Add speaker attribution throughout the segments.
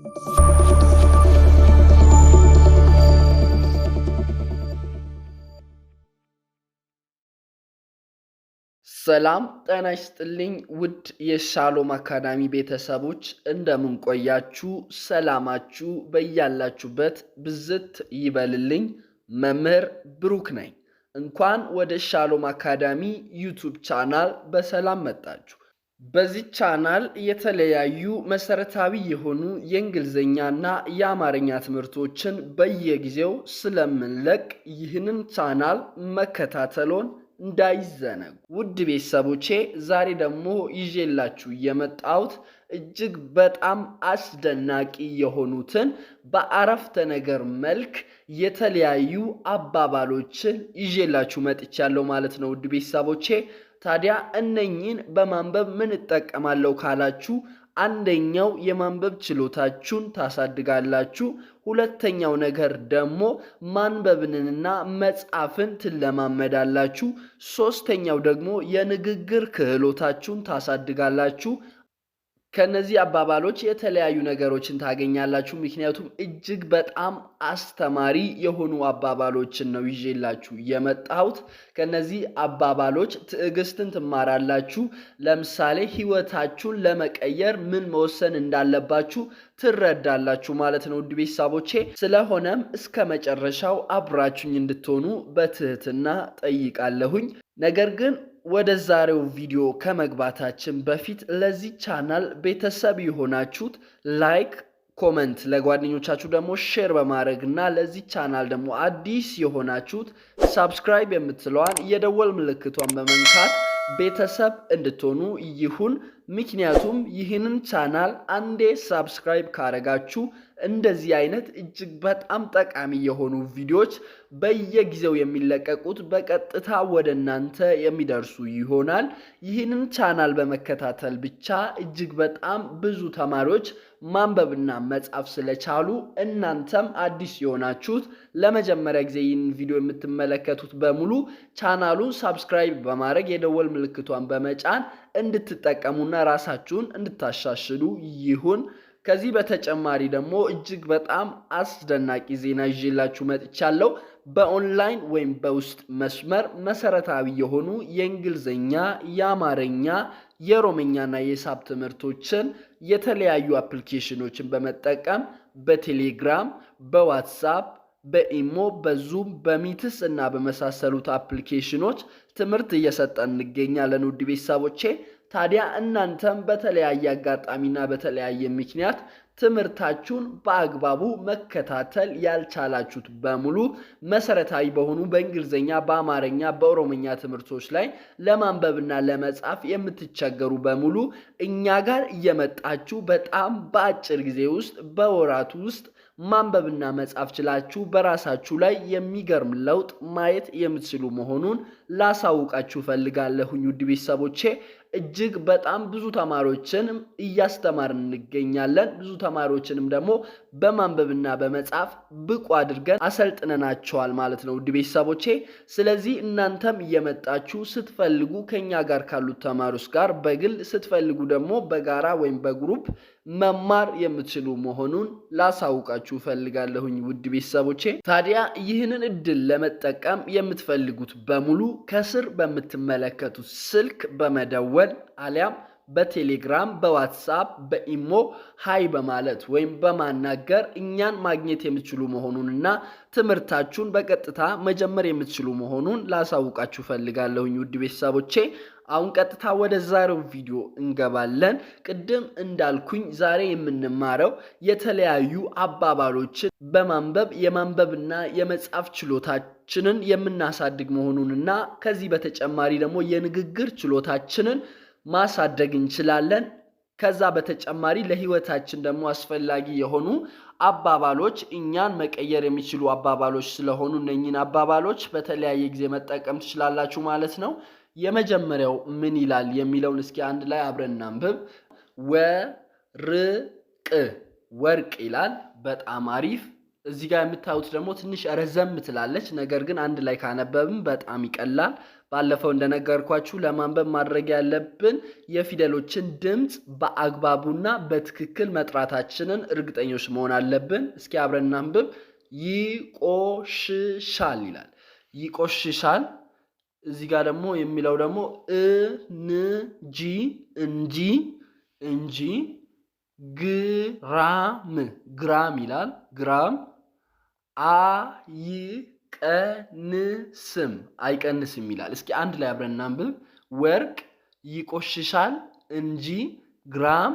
Speaker 1: ሰላም ጤና ይስጥልኝ። ውድ የሻሎም አካዳሚ ቤተሰቦች እንደምንቆያችሁ ሰላማችሁ በያላችሁበት ብዝት ይበልልኝ። መምህር ብሩክ ነኝ። እንኳን ወደ ሻሎም አካዳሚ ዩቱብ ቻናል በሰላም መጣችሁ። በዚህ ቻናል የተለያዩ መሰረታዊ የሆኑ የእንግሊዝኛና የአማርኛ ትምህርቶችን በየጊዜው ስለምንለቅ ይህንን ቻናል መከታተሎን እንዳይዘነጉ። ውድ ቤተሰቦቼ ዛሬ ደግሞ ይዤላችሁ የመጣሁት እጅግ በጣም አስደናቂ የሆኑትን በአረፍተ ነገር መልክ የተለያዩ አባባሎችን ይዤላችሁ መጥቻለሁ ማለት ነው ውድ ቤተሰቦቼ ታዲያ እነኝን በማንበብ ምን እጠቀማለሁ ካላችሁ አንደኛው የማንበብ ችሎታችሁን ታሳድጋላችሁ። ሁለተኛው ነገር ደግሞ ማንበብንና መጻፍን ትለማመዳላችሁ። ሶስተኛው ደግሞ የንግግር ክህሎታችሁን ታሳድጋላችሁ። ከነዚህ አባባሎች የተለያዩ ነገሮችን ታገኛላችሁ። ምክንያቱም እጅግ በጣም አስተማሪ የሆኑ አባባሎችን ነው ይዤላችሁ የመጣሁት። ከነዚህ አባባሎች ትዕግስትን ትማራላችሁ። ለምሳሌ ሕይወታችሁን ለመቀየር ምን መወሰን እንዳለባችሁ ትረዳላችሁ ማለት ነው። ውድ ቤተሰቦቼ፣ ስለሆነም እስከ መጨረሻው አብራችሁኝ እንድትሆኑ በትህትና ጠይቃለሁኝ። ነገር ግን ወደ ዛሬው ቪዲዮ ከመግባታችን በፊት ለዚህ ቻናል ቤተሰብ የሆናችሁት ላይክ፣ ኮመንት ለጓደኞቻችሁ ደግሞ ሼር በማድረግ እና ለዚህ ቻናል ደግሞ አዲስ የሆናችሁት ሳብስክራይብ የምትለዋን የደወል ምልክቷን በመንካት ቤተሰብ እንድትሆኑ ይሁን። ምክንያቱም ይህንን ቻናል አንዴ ሳብስክራይብ ካረጋችሁ እንደዚህ አይነት እጅግ በጣም ጠቃሚ የሆኑ ቪዲዮዎች በየጊዜው የሚለቀቁት በቀጥታ ወደ እናንተ የሚደርሱ ይሆናል። ይህንን ቻናል በመከታተል ብቻ እጅግ በጣም ብዙ ተማሪዎች ማንበብና መጻፍ ስለቻሉ እናንተም አዲስ የሆናችሁት ለመጀመሪያ ጊዜ ይህን ቪዲዮ የምትመለከቱት በሙሉ ቻናሉን ሳብስክራይብ በማድረግ የደወል ምልክቷን በመጫን እንድትጠቀሙና ራሳችሁን እንድታሻሽሉ ይሁን። ከዚህ በተጨማሪ ደግሞ እጅግ በጣም አስደናቂ ዜና ይዤላችሁ መጥቻለሁ። በኦንላይን ወይም በውስጥ መስመር መሰረታዊ የሆኑ የእንግሊዝኛ፣ የአማርኛ፣ የኦሮምኛና የሂሳብ ትምህርቶችን የተለያዩ አፕሊኬሽኖችን በመጠቀም በቴሌግራም፣ በዋትሳፕ፣ በኢሞ፣ በዙም፣ በሚትስ እና በመሳሰሉት አፕሊኬሽኖች ትምህርት እየሰጠን እንገኛለን ውድ ቤተሰቦቼ ታዲያ እናንተም በተለያየ አጋጣሚና በተለያየ ምክንያት ትምህርታችሁን በአግባቡ መከታተል ያልቻላችሁት በሙሉ መሰረታዊ በሆኑ በእንግሊዝኛ፣ በአማርኛ፣ በኦሮምኛ ትምህርቶች ላይ ለማንበብና ለመጻፍ የምትቸገሩ በሙሉ እኛ ጋር እየመጣችሁ በጣም በአጭር ጊዜ ውስጥ በወራት ውስጥ ማንበብና መጻፍ ችላችሁ በራሳችሁ ላይ የሚገርም ለውጥ ማየት የምትችሉ መሆኑን ላሳውቃችሁ ፈልጋለሁኝ ውድ ቤተሰቦቼ። እጅግ በጣም ብዙ ተማሪዎችን እያስተማርን እንገኛለን። ብዙ ተማሪዎችንም ደግሞ በማንበብና በመጻፍ ብቁ አድርገን አሰልጥነናቸዋል ማለት ነው ውድ ቤተሰቦቼ። ስለዚህ እናንተም እየመጣችሁ ስትፈልጉ ከኛ ጋር ካሉት ተማሪዎች ጋር በግል ስትፈልጉ ደግሞ በጋራ ወይም በግሩፕ መማር የምትችሉ መሆኑን ላሳውቃችሁ ፈልጋለሁኝ ውድ ቤተሰቦቼ። ታዲያ ይህንን እድል ለመጠቀም የምትፈልጉት በሙሉ ከስር በምትመለከቱት ስልክ በመደወል አሊያም በቴሌግራም በዋትሳፕ በኢሞ ሀይ በማለት ወይም በማናገር እኛን ማግኘት የምትችሉ መሆኑንና ትምህርታችሁን በቀጥታ መጀመር የምትችሉ መሆኑን ላሳውቃችሁ ፈልጋለሁኝ ውድ ቤተሰቦቼ። አሁን ቀጥታ ወደ ዛሬው ቪዲዮ እንገባለን። ቅድም እንዳልኩኝ ዛሬ የምንማረው የተለያዩ አባባሎችን በማንበብ የማንበብና የመጻፍ ችሎታችንን የምናሳድግ መሆኑንና ከዚህ በተጨማሪ ደግሞ የንግግር ችሎታችንን ማሳደግ እንችላለን። ከዛ በተጨማሪ ለህይወታችን ደግሞ አስፈላጊ የሆኑ አባባሎች እኛን መቀየር የሚችሉ አባባሎች ስለሆኑ እነኝን አባባሎች በተለያየ ጊዜ መጠቀም ትችላላችሁ ማለት ነው። የመጀመሪያው ምን ይላል የሚለውን እስኪ አንድ ላይ አብረን እናንብብ። ወርቅ ወርቅ ይላል። በጣም አሪፍ እዚህ ጋር የምታዩት ደግሞ ትንሽ ረዘም ትላለች። ነገር ግን አንድ ላይ ካነበብን በጣም ይቀላል። ባለፈው እንደነገርኳችሁ ለማንበብ ማድረግ ያለብን የፊደሎችን ድምፅ በአግባቡና በትክክል መጥራታችንን እርግጠኞች መሆን አለብን። እስኪ አብረን እናንብብ። ይቆሽሻል ይላል። ይቆሽሻል። እዚህ ጋር ደግሞ የሚለው ደግሞ እንጂ እንጂ እንጂ ግራም ግራም ይላል ግራም አይቀንስም አይቀንስም ይላል። እስኪ አንድ ላይ አብረን እናንብብ። ወርቅ ይቆሽሻል እንጂ ግራም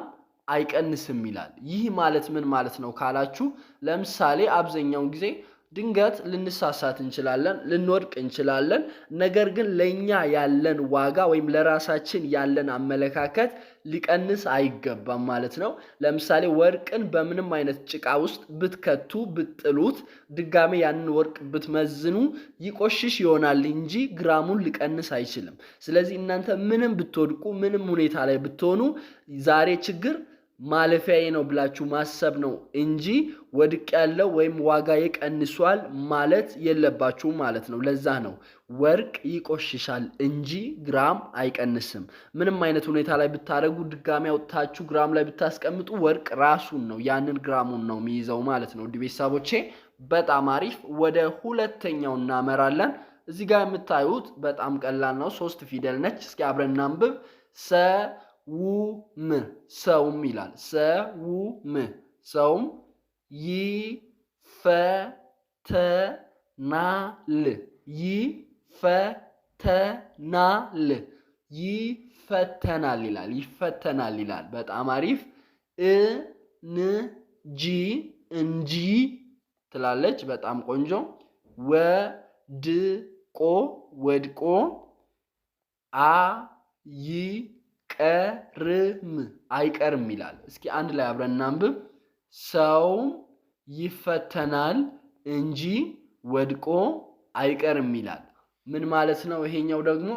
Speaker 1: አይቀንስም ይላል። ይህ ማለት ምን ማለት ነው ካላችሁ፣ ለምሳሌ አብዛኛውን ጊዜ ድንገት ልንሳሳት እንችላለን፣ ልንወድቅ እንችላለን። ነገር ግን ለእኛ ያለን ዋጋ ወይም ለራሳችን ያለን አመለካከት ሊቀንስ አይገባም ማለት ነው። ለምሳሌ ወርቅን በምንም አይነት ጭቃ ውስጥ ብትከቱ፣ ብጥሉት፣ ድጋሜ ያንን ወርቅ ብትመዝኑ ይቆሽሽ ይሆናል እንጂ ግራሙን ሊቀንስ አይችልም። ስለዚህ እናንተ ምንም ብትወድቁ፣ ምንም ሁኔታ ላይ ብትሆኑ ዛሬ ችግር ማለፊያዬ ነው ብላችሁ ማሰብ ነው እንጂ ወድቅ ያለው ወይም ዋጋ ቀንሷል ማለት የለባችሁ ማለት ነው። ለዛ ነው ወርቅ ይቆሽሻል እንጂ ግራም አይቀንስም። ምንም አይነት ሁኔታ ላይ ብታደርጉ፣ ድጋሚ አውጥታችሁ ግራም ላይ ብታስቀምጡ ወርቅ ራሱን ነው ያንን ግራሙን ነው የሚይዘው ማለት ነው። ውድ ቤተሰቦቼ በጣም አሪፍ። ወደ ሁለተኛው እናመራለን። እዚህ ጋር የምታዩት በጣም ቀላል ነው። ሶስት ፊደል ነች። እስኪ አብረን እናንብብ ሰ ውም ሰውም ይላል። ሰውም ሰውም ይፈተናል ይፈተናል ይፈተናል ይላል ይፈተናል ይላል። በጣም አሪፍ እንጂ እንጂ ትላለች። በጣም ቆንጆ ወድቆ ወድቆ አይ አይቀርም አይቀርም ይላል። እስኪ አንድ ላይ አብረን እናንብብ። ሰው ይፈተናል እንጂ ወድቆ አይቀርም ይላል። ምን ማለት ነው? ይሄኛው ደግሞ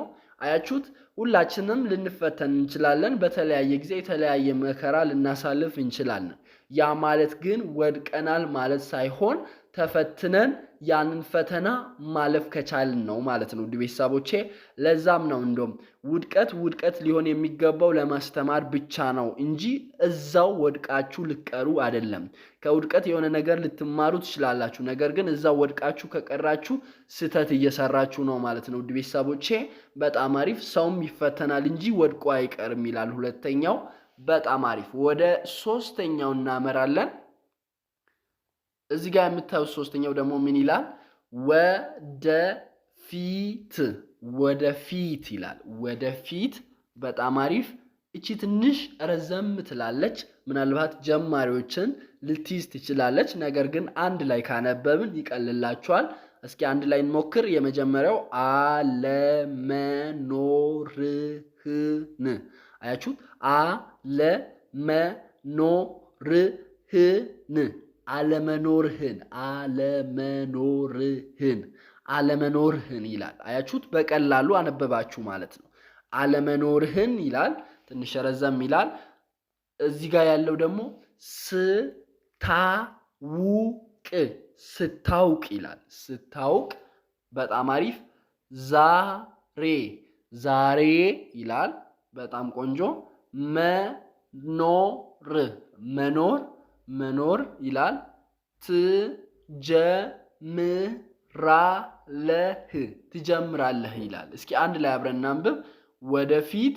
Speaker 1: አያችሁት? ሁላችንም ልንፈተን እንችላለን። በተለያየ ጊዜ የተለያየ መከራ ልናሳልፍ እንችላለን። ያ ማለት ግን ወድቀናል ማለት ሳይሆን ተፈትነን ያንን ፈተና ማለፍ ከቻልን ነው ማለት ነው። ውድ ቤተሰቦቼ ለዛም ነው እንደም ውድቀት ውድቀት ሊሆን የሚገባው ለማስተማር ብቻ ነው እንጂ እዛው ወድቃችሁ ልቀሩ አይደለም። ከውድቀት የሆነ ነገር ልትማሩ ትችላላችሁ። ነገር ግን እዛው ወድቃችሁ ከቀራችሁ ስህተት እየሰራችሁ ነው ማለት ነው። ውድ ቤተሰቦቼ በጣም አሪፍ። ሰውም ይፈተናል እንጂ ወድቆ አይቀርም ይላል ሁለተኛው። በጣም አሪፍ። ወደ ሶስተኛው እናመራለን። እዚህ ጋር የምታዩት ሶስተኛው ደግሞ ምን ይላል? ወደፊት ወደፊት ይላል። ወደፊት በጣም አሪፍ። እቺ ትንሽ ረዘም ትላለች። ምናልባት ጀማሪዎችን ልትይዝ ትችላለች። ነገር ግን አንድ ላይ ካነበብን ይቀልላችኋል። እስኪ አንድ ላይ እንሞክር። የመጀመሪያው አለመኖርህን አያችሁት? አለመኖርህን አለመኖርህን አለመኖርህን አለመኖርህን ይላል። አያችሁት? በቀላሉ አነበባችሁ ማለት ነው። አለመኖርህን ይላል። ትንሽ ረዘም ይላል። እዚህ ጋር ያለው ደግሞ ስታውቅ ስታውቅ ይላል። ስታውቅ በጣም አሪፍ። ዛሬ ዛሬ ይላል። በጣም ቆንጆ። መኖር መኖር መኖር ይላል። ትጀምራለህ ትጀምራለህ ይላል። እስኪ አንድ ላይ አብረን እናንብብ። ወደፊት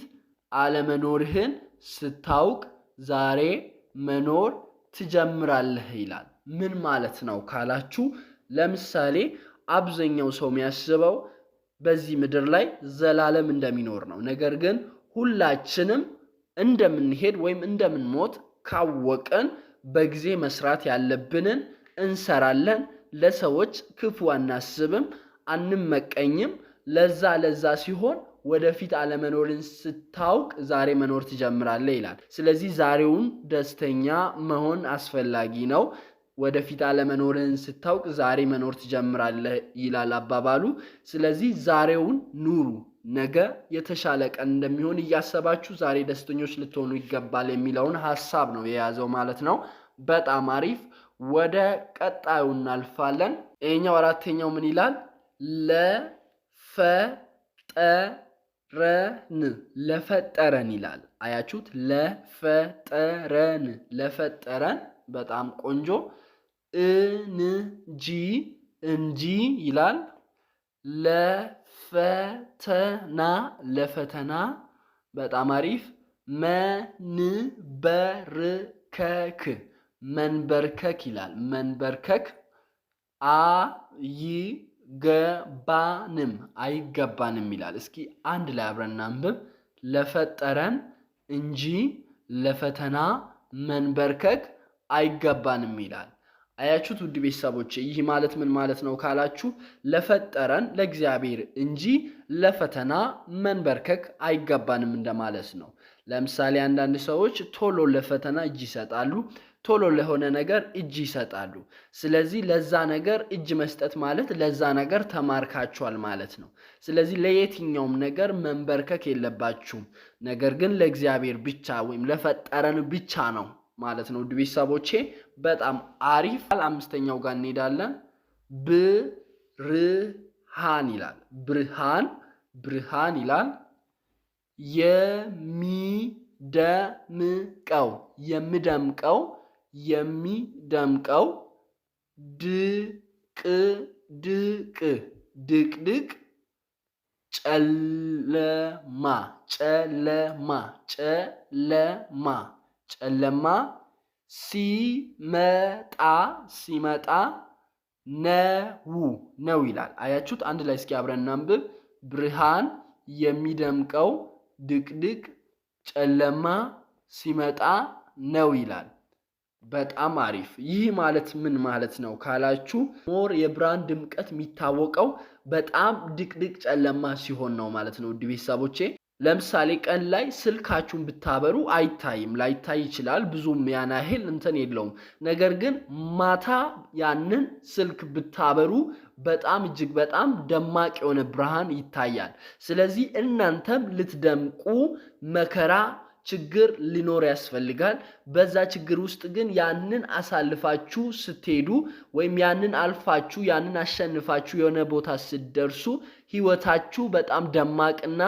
Speaker 1: አለመኖርህን ስታውቅ ዛሬ መኖር ትጀምራለህ ይላል። ምን ማለት ነው ካላችሁ፣ ለምሳሌ አብዛኛው ሰው የሚያስበው በዚህ ምድር ላይ ዘላለም እንደሚኖር ነው። ነገር ግን ሁላችንም እንደምንሄድ ወይም እንደምንሞት ካወቅን በጊዜ መስራት ያለብንን እንሰራለን። ለሰዎች ክፉ አናስብም፣ አንመቀኝም። ለዛ ለዛ ሲሆን ወደፊት አለመኖርን ስታውቅ ዛሬ መኖር ትጀምራለህ ይላል። ስለዚህ ዛሬውን ደስተኛ መሆን አስፈላጊ ነው። ወደፊት አለመኖርን ስታውቅ ዛሬ መኖር ትጀምራለህ ይላል አባባሉ። ስለዚህ ዛሬውን ኑሩ። ነገ የተሻለ ቀን እንደሚሆን እያሰባችሁ ዛሬ ደስተኞች ልትሆኑ ይገባል የሚለውን ሀሳብ ነው የያዘው ማለት ነው። በጣም አሪፍ። ወደ ቀጣዩ እናልፋለን። ይሄኛው አራተኛው ምን ይላል? ለፈጠረን ለፈጠረን ይላል። አያችሁት? ለፈጠረን ለፈጠረን። በጣም ቆንጆ። እንጂ እንጂ ይላል ለፈተና ለፈተና በጣም አሪፍ መንበርከክ መንበርከክ ይላል። መንበርከክ አይገባንም አይገባንም ይላል። እስኪ አንድ ላይ አብረና አንብብ ለፈጠረን እንጂ ለፈተና መንበርከክ አይገባንም ይላል። አያችሁት ውድ ቤተሰቦች፣ ይህ ማለት ምን ማለት ነው ካላችሁ ለፈጠረን ለእግዚአብሔር እንጂ ለፈተና መንበርከክ አይገባንም እንደማለት ነው። ለምሳሌ አንዳንድ ሰዎች ቶሎ ለፈተና እጅ ይሰጣሉ፣ ቶሎ ለሆነ ነገር እጅ ይሰጣሉ። ስለዚህ ለዛ ነገር እጅ መስጠት ማለት ለዛ ነገር ተማርካችኋል ማለት ነው። ስለዚህ ለየትኛውም ነገር መንበርከክ የለባችሁም፣ ነገር ግን ለእግዚአብሔር ብቻ ወይም ለፈጠረን ብቻ ነው ማለት ነው። ውድ ቤተሰቦቼ በጣም አሪፍ። አምስተኛው ጋር እንሄዳለን። ብርሃን ይላል። ብርሃን ብርሃን ይላል። የሚደምቀው የሚደምቀው የሚደምቀው ድቅድቅ ድቅድቅ ጨለማ ጨለማ ጨለማ ጨለማ ሲመጣ ሲመጣ ነው ነው ይላል። አያችሁት? አንድ ላይ እስኪ አብረን እናንብብ። ብርሃን የሚደምቀው ድቅድቅ ጨለማ ሲመጣ ነው ይላል። በጣም አሪፍ። ይህ ማለት ምን ማለት ነው ካላችሁ፣ ሞር የብርሃን ድምቀት የሚታወቀው በጣም ድቅድቅ ጨለማ ሲሆን ነው ማለት ነው። ውድ ቤተሰቦቼ ለምሳሌ ቀን ላይ ስልካችሁን ብታበሩ አይታይም፣ ላይታይ ይችላል። ብዙም ያን ያህል እንትን የለውም። ነገር ግን ማታ ያንን ስልክ ብታበሩ በጣም እጅግ በጣም ደማቅ የሆነ ብርሃን ይታያል። ስለዚህ እናንተም ልትደምቁ መከራ ችግር ሊኖር ያስፈልጋል። በዛ ችግር ውስጥ ግን ያንን አሳልፋችሁ ስትሄዱ ወይም ያንን አልፋችሁ ያንን አሸንፋችሁ የሆነ ቦታ ስትደርሱ ህይወታችሁ በጣም ደማቅና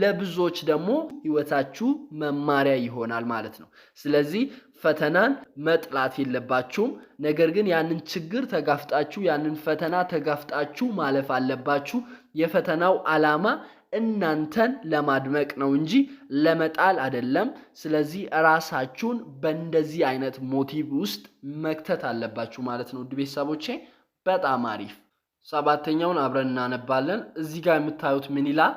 Speaker 1: ለብዙዎች ደግሞ ህይወታችሁ መማሪያ ይሆናል ማለት ነው። ስለዚህ ፈተናን መጥላት የለባችሁም። ነገር ግን ያንን ችግር ተጋፍጣችሁ ያንን ፈተና ተጋፍጣችሁ ማለፍ አለባችሁ። የፈተናው ዓላማ እናንተን ለማድመቅ ነው እንጂ ለመጣል አይደለም። ስለዚህ ራሳችሁን በእንደዚህ አይነት ሞቲቭ ውስጥ መክተት አለባችሁ ማለት ነው። ውድ ቤተሰቦቼ በጣም አሪፍ ሰባተኛውን አብረን እናነባለን። እዚህ ጋር የምታዩት ምን ይላል?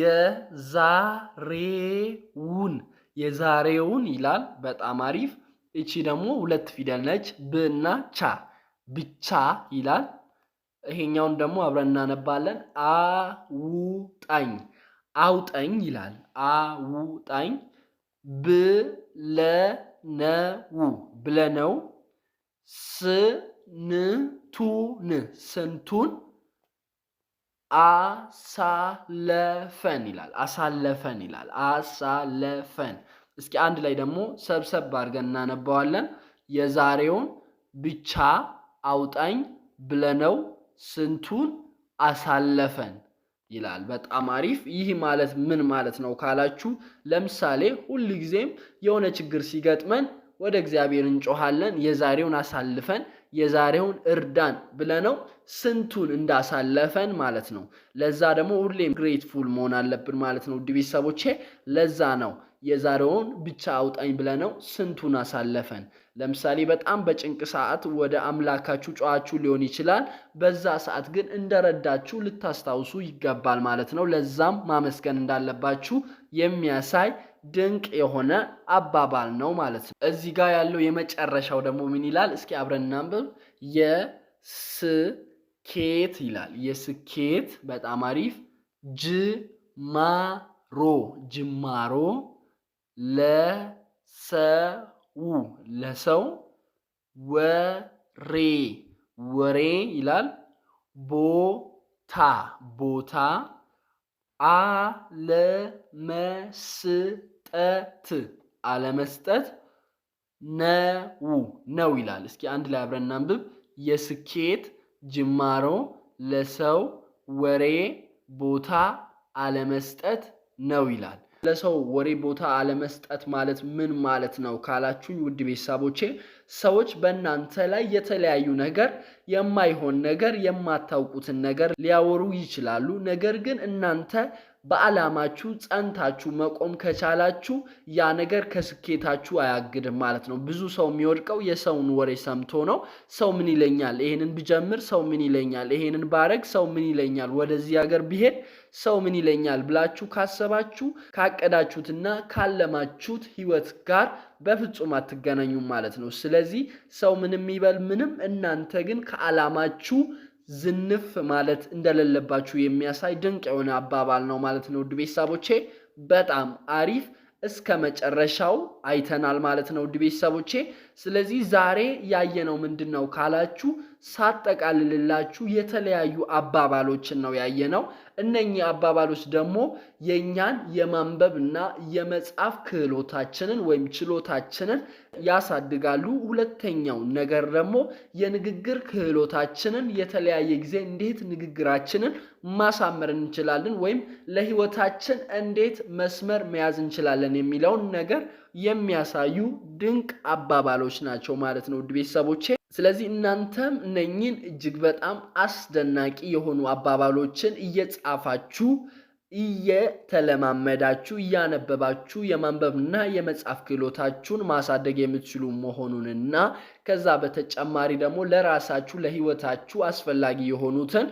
Speaker 1: የዛሬውን የዛሬውን ይላል። በጣም አሪፍ። እቺ ደግሞ ሁለት ፊደል ነች። ብና ቻ ብቻ ይላል። ይሄኛውን ደግሞ አብረን እናነባለን። አውጣኝ አውጣኝ ይላል። አውጣኝ ብለነው ብለነው ስ ንቱን ስንቱን አሳለፈን ይላል። አሳለፈን ይላል። አሳለፈን። እስኪ አንድ ላይ ደግሞ ሰብሰብ አድርገን እናነባዋለን። የዛሬውን ብቻ አውጣኝ ብለነው ስንቱን አሳለፈን ይላል። በጣም አሪፍ። ይህ ማለት ምን ማለት ነው ካላችሁ፣ ለምሳሌ ሁል ጊዜም የሆነ ችግር ሲገጥመን ወደ እግዚአብሔር እንጮሃለን። የዛሬውን አሳልፈን የዛሬውን እርዳን ብለነው ስንቱን እንዳሳለፈን ማለት ነው። ለዛ ደግሞ ሁሌም ግሬትፉል መሆን አለብን ማለት ነው። ውድ ቤተሰቦቼ ለዛ ነው የዛሬውን ብቻ አውጣኝ ብለነው ስንቱን አሳለፈን። ለምሳሌ በጣም በጭንቅ ሰዓት ወደ አምላካችሁ ጨዋችሁ ሊሆን ይችላል። በዛ ሰዓት ግን እንደረዳችሁ ልታስታውሱ ይገባል ማለት ነው። ለዛም ማመስገን እንዳለባችሁ የሚያሳይ ድንቅ የሆነ አባባል ነው ማለት ነው። እዚህ ጋር ያለው የመጨረሻው ደግሞ ምን ይላል? እስኪ አብረን እናንብብ። የስኬት ይላል። የስኬት በጣም አሪፍ። ጅማሮ ጅማሮ ለሰው ለሰው ወሬ ወሬ ይላል። ቦታ ቦታ አለመስ መስጠት አለመስጠት ነው ነው ይላል። እስኪ አንድ ላይ አብረን እናንብብ። የስኬት ጅማሮ ለሰው ወሬ ቦታ አለመስጠት ነው ይላል። ለሰው ወሬ ቦታ አለመስጠት ማለት ምን ማለት ነው ካላችሁኝ፣ ውድ ቤተሰቦቼ ሰዎች በእናንተ ላይ የተለያዩ ነገር፣ የማይሆን ነገር፣ የማታውቁትን ነገር ሊያወሩ ይችላሉ። ነገር ግን እናንተ በዓላማችሁ ጸንታችሁ መቆም ከቻላችሁ ያ ነገር ከስኬታችሁ አያግድም ማለት ነው። ብዙ ሰው የሚወድቀው የሰውን ወሬ ሰምቶ ነው። ሰው ምን ይለኛል፣ ይሄንን ብጀምር ሰው ምን ይለኛል፣ ይሄንን ባረግ ሰው ምን ይለኛል፣ ወደዚህ ሀገር ብሄድ ሰው ምን ይለኛል ብላችሁ ካሰባችሁ ካቀዳችሁትና ካለማችሁት ህይወት ጋር በፍጹም አትገናኙም ማለት ነው። ስለዚህ ሰው ምንም ይበል ምንም፣ እናንተ ግን ከዓላማችሁ ዝንፍ ማለት እንደሌለባችሁ የሚያሳይ ድንቅ የሆነ አባባል ነው ማለት ነው። ውድ ቤተሰቦቼ በጣም አሪፍ እስከ መጨረሻው አይተናል ማለት ነው። ውድ ቤተሰቦቼ ስለዚህ ዛሬ ያየነው ምንድን ነው ካላችሁ ሳጠቃልልላችሁ የተለያዩ አባባሎችን ነው ያየነው። እነኚህ አባባሎች ደግሞ የእኛን የማንበብ እና የመጻፍ ክህሎታችንን ወይም ችሎታችንን ያሳድጋሉ። ሁለተኛው ነገር ደግሞ የንግግር ክህሎታችንን የተለያየ ጊዜ እንዴት ንግግራችንን ማሳመር እንችላለን ወይም ለሕይወታችን እንዴት መስመር መያዝ እንችላለን የሚለውን ነገር የሚያሳዩ ድንቅ አባባሎች ናቸው ማለት ነው ውድ ቤተሰቦቼ። ስለዚህ እናንተም እነኝን እጅግ በጣም አስደናቂ የሆኑ አባባሎችን እየጻፋችሁ እየተለማመዳችሁ እያነበባችሁ የማንበብና የመጻፍ ክህሎታችሁን ማሳደግ የምትችሉ መሆኑንና ከዛ በተጨማሪ ደግሞ ለራሳችሁ ለሕይወታችሁ አስፈላጊ የሆኑትን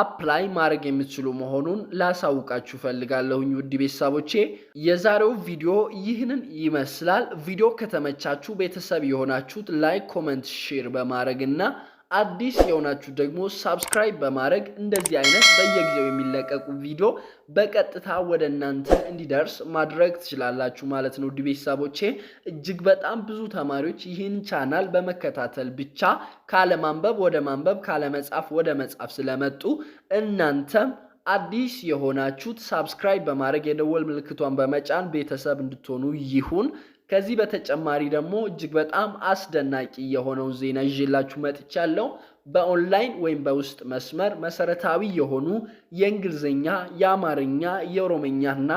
Speaker 1: አፕላይ ማድረግ የምትችሉ መሆኑን ላሳውቃችሁ ፈልጋለሁኝ ውድ ቤተሰቦቼ። የዛሬው ቪዲዮ ይህንን ይመስላል። ቪዲዮ ከተመቻችሁ ቤተሰብ የሆናችሁት ላይክ፣ ኮመንት፣ ሼር በማድረግ እና አዲስ የሆናችሁ ደግሞ ሳብስክራይብ በማድረግ እንደዚህ አይነት በየጊዜው የሚለቀቁ ቪዲዮ በቀጥታ ወደ እናንተ እንዲደርስ ማድረግ ትችላላችሁ ማለት ነው። ውድ ቤተሰቦቼ እጅግ በጣም ብዙ ተማሪዎች ይህን ቻናል በመከታተል ብቻ ካለማንበብ ወደ ማንበብ ካለመጻፍ ወደ መጻፍ ስለመጡ እናንተም አዲስ የሆናችሁት ሳብስክራይብ በማድረግ የደወል ምልክቷን በመጫን ቤተሰብ እንድትሆኑ ይሁን። ከዚህ በተጨማሪ ደግሞ እጅግ በጣም አስደናቂ የሆነውን ዜና ይዤላችሁ መጥቻለሁ። በኦንላይን ወይም በውስጥ መስመር መሰረታዊ የሆኑ የእንግሊዝኛ፣ የአማርኛ፣ የኦሮምኛና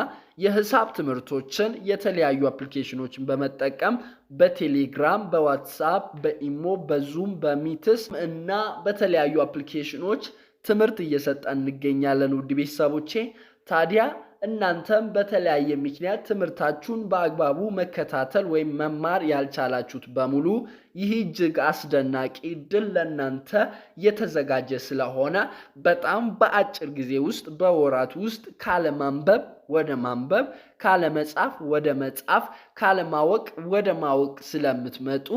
Speaker 1: የሂሳብ ትምህርቶችን የተለያዩ አፕሊኬሽኖችን በመጠቀም በቴሌግራም፣ በዋትሳፕ፣ በኢሞ፣ በዙም፣ በሚትስ እና በተለያዩ አፕሊኬሽኖች ትምህርት እየሰጠን እንገኛለን ውድ ቤተሰቦቼ ታዲያ እናንተም በተለያየ ምክንያት ትምህርታችሁን በአግባቡ መከታተል ወይም መማር ያልቻላችሁት በሙሉ ይህ እጅግ አስደናቂ እድል ለእናንተ የተዘጋጀ ስለሆነ በጣም በአጭር ጊዜ ውስጥ በወራት ውስጥ ካለማንበብ ወደ ማንበብ፣ ካለመጻፍ ወደ መጻፍ፣ ካለማወቅ ወደ ማወቅ ስለምትመጡ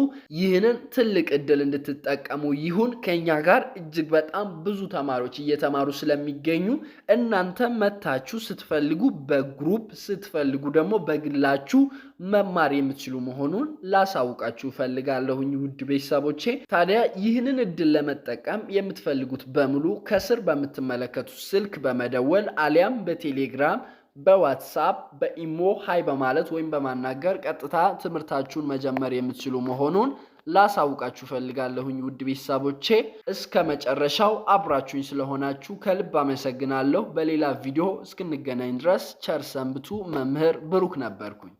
Speaker 1: ይህንን ትልቅ እድል እንድትጠቀሙ ይሁን። ከኛ ጋር እጅግ በጣም ብዙ ተማሪዎች እየተማሩ ስለሚገኙ እናንተ መታችሁ ስትፈልጉ በግሩፕ ስትፈልጉ ደግሞ በግላችሁ መማር የምትችሉ መሆኑን ላሳውቃችሁ ፈልጋለሁኝ። ውድ ቤተሰቦቼ። ታዲያ ይህንን እድል ለመጠቀም የምትፈልጉት በሙሉ ከስር በምትመለከቱት ስልክ በመደወል አሊያም በቴሌግራም በዋትሳፕ በኢሞ ሀይ በማለት ወይም በማናገር ቀጥታ ትምህርታችሁን መጀመር የምትችሉ መሆኑን ላሳውቃችሁ ፈልጋለሁኝ። ውድ ቤተሰቦቼ እስከ መጨረሻው አብራችሁኝ ስለሆናችሁ ከልብ አመሰግናለሁ። በሌላ ቪዲዮ እስክንገናኝ ድረስ ቸር ሰንብቱ። መምህር ብሩክ ነበርኩኝ።